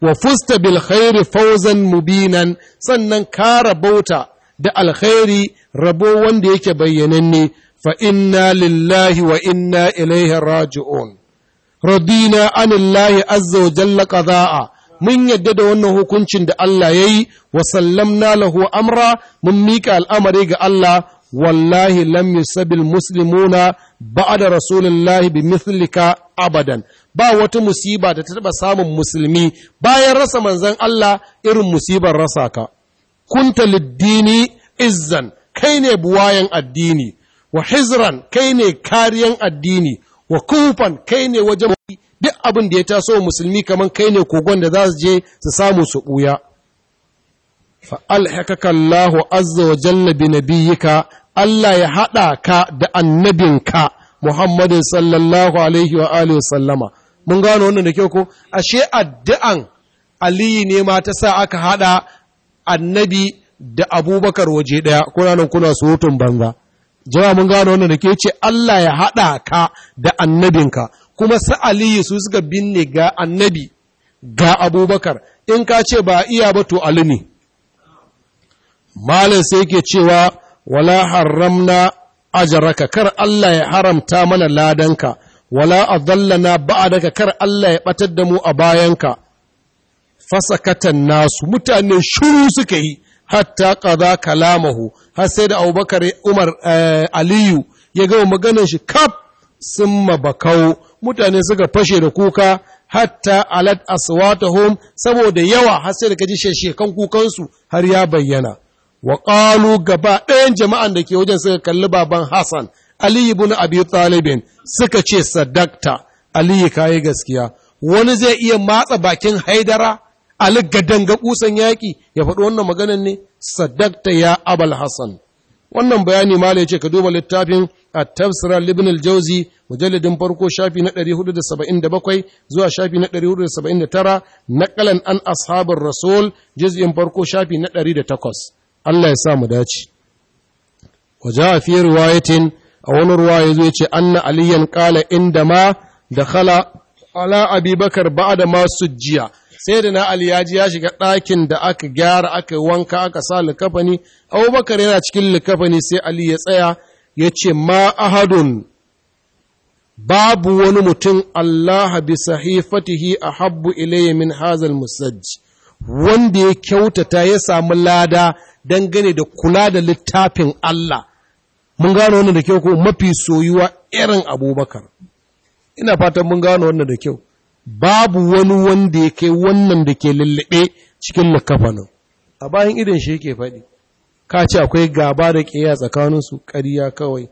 S1: wa fusta bil khairi fawzan mubinan sannan ka rabauta da alkhairi rabo wanda yake bayyananne fa inna lillahi wa inna ilaihi raji'un radina anillahi azza wa jalla qada'a mun yadda da wannan hukuncin da Allah yayi wa sallamna lahu amra mun mika al'amari ga Allah wallahi lam yusabil muslimuna da rasulullahi bi mithlika abadan ba wata musiba da ta taɓa samun musulmi bayan rasa manzon Allah irin musibar rasa ka kunta liddini izzan kai ne buwayan addini wa hizran kai ne kariyan addini wa kufan kai ne wajen duk abin da ya taso musulmi kamar kai ne kogon da za su je su samu su ɓuya. fa'alhakaka Allah azza wa jalla bi nabiyyika Allah ya haɗa ka da annabinka Muhammadin sallallahu alaihi wa alihi sallama mun gano wannan da kyau ko ashe addu'an aliyu ne ma ta sa aka haɗa annabi da abubakar waje ɗaya kuna nan kuna surutun banza jama mun gano wannan da ke ce Allah ya haɗa ka da annabinka kuma sa aliyu su suka binne ga annabi ga abubakar in ka ce ba iya ba to ali ne malam sai ke cewa wala haramna ajaraka kar Allah ya haramta mana ladanka wala adallana ba'daka kar Allah ya batar da mu a bayanka fasakatan nasu mutane shiru suka yi hatta qada kalamahu har sai da Abubakar Umar eh, Aliyu ya gama maganar shi kaf sun mabakau mutane suka fashe da kuka hatta Alad aswatuhum saboda yawa har sai da kaji kukan kukansu har ya bayyana wa ƙalu gaba ɗayan jama'an da ke wajen suka kalli baban Hassan, Ali ibn Abi Talibin suka ce sadakta, Ali kayi gaskiya, wani zai iya matsa bakin haidara, Ali ga danga kusan yaƙi, ya faɗi wannan maganan ne, sadakta ya Abal Hassan. Wannan bayani ma ce ka duba littafin a Ibn al-Jawzi mujalladin farko shafi na 477 zuwa shafi na 479, naƙalan an ashabar Rasul, juzin farko shafi na 108. Allah ya sa mu dace ja fi riwayatin a wani ruwaya zai ce anna aliyan qala inda ma dakhala ala abubakar ba'da ma sujjiya sai da na ali ya ji ya shiga ɗakin da aka gyara aka wanka aka sa likafani abubakar yana cikin likafani sai ali ya tsaya ya ce ma ahadun babu wani mutum Allah bi sahifatihi a habbu ilayya min hazal musajji. wanda ya kyautata ya samu lada dangane da kula da littafin Allah mun gano wannan da kyau ko mafi soyuwa irin abubakar ina fatan mun gano wannan da kyau babu wani wanda ya kai wannan da ke lullube cikin lakafanin a bayan idan shi yake faɗi ka ce akwai gaba da ƙiya tsakaninsu ƙarya kawai